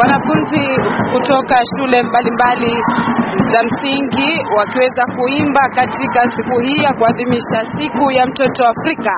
Wanafunzi kutoka shule mbalimbali za msingi wakiweza kuimba katika siku hii ya kuadhimisha siku ya mtoto Afrika,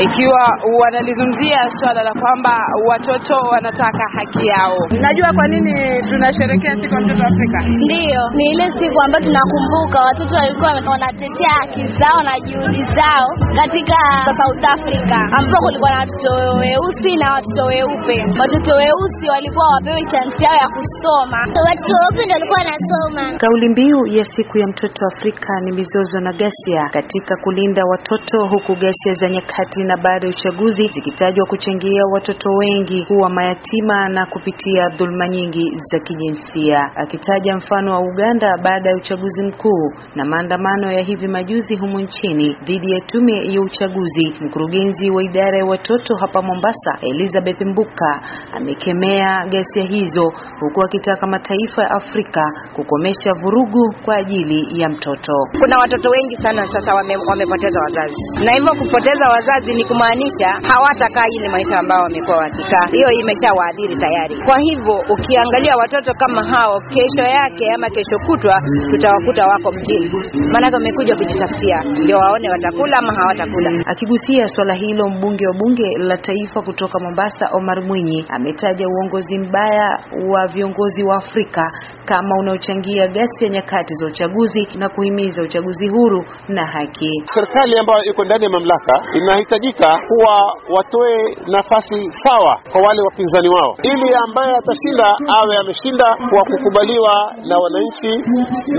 ikiwa wanalizungumzia swala la kwamba watoto wanataka haki yao. Najua kwa nini tunasherehekea siku ya mtoto Afrika. Ndiyo, ni ile siku ambayo tunakumbuka watoto walikuwa wanatetea haki zao na juhudi zao katika South Africa, ambapo kulikuwa na watoto weusi na watoto weupe. Watoto weusi walikuwa wapewe chansi yao ya kusoma, watoto weupe ndio walikuwa wanasoma Kauli mbiu ya siku ya mtoto Afrika ni mizozo na ghasia katika kulinda watoto, huku ghasia za nyakati na baada ya uchaguzi zikitajwa kuchangia watoto wengi kuwa mayatima na kupitia dhuluma nyingi za kijinsia, akitaja mfano wa Uganda baada ya uchaguzi mkuu na maandamano ya hivi majuzi humu nchini dhidi ya tume ya uchaguzi. Mkurugenzi wa idara ya watoto hapa Mombasa, Elizabeth Mbuka, amekemea ghasia hizo, huku akitaka mataifa ya Afrika kukomesha vurugu kwa ajili ya mtoto. Kuna watoto wengi sana sasa wame, wamepoteza wazazi, na hivyo kupoteza wazazi ni kumaanisha hawatakaa ile maisha ambayo wamekuwa wakikaa, hiyo imeshawaadhiri tayari. Kwa hivyo ukiangalia watoto kama hao, kesho yake ama kesho kutwa tutawakuta wako mjini, maanake wamekuja kujitafutia, ndio waone watakula ama hawatakula. Akigusia swala hilo, mbunge wa bunge la taifa kutoka Mombasa Omar Mwinyi ametaja uongozi mbaya wa viongozi wa Afrika kama unaochangia ya nyakati za uchaguzi na kuhimiza uchaguzi huru na haki. Serikali ambayo iko ndani ya mamlaka inahitajika kuwa watoe nafasi sawa kwa wale wapinzani wao, ili ambaye atashinda awe ameshinda kwa kukubaliwa na wananchi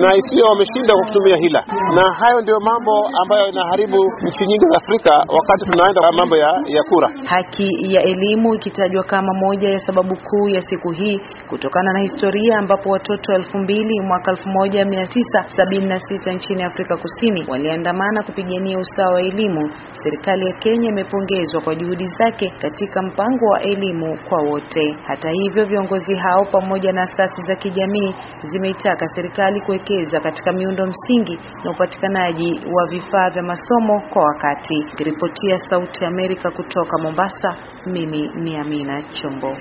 na isiyo wameshinda kwa kutumia hila, na hayo ndio mambo ambayo inaharibu nchi nyingi za Afrika wakati tunaenda mambo ya, ya kura. Haki ya elimu ikitajwa kama moja ya sababu kuu ya siku hii kutokana na historia ambapo watoto elfu mbili mwaka 1976 nchini Afrika Kusini waliandamana kupigania usawa wa elimu. Serikali ya Kenya imepongezwa kwa juhudi zake katika mpango wa elimu kwa wote. Hata hivyo, viongozi hao pamoja na asasi za kijamii zimeitaka serikali kuwekeza katika miundo msingi na upatikanaji wa vifaa vya masomo kwa wakati. ya Sauti ya Amerika kutoka Mombasa, mimi ni Amina Chombo.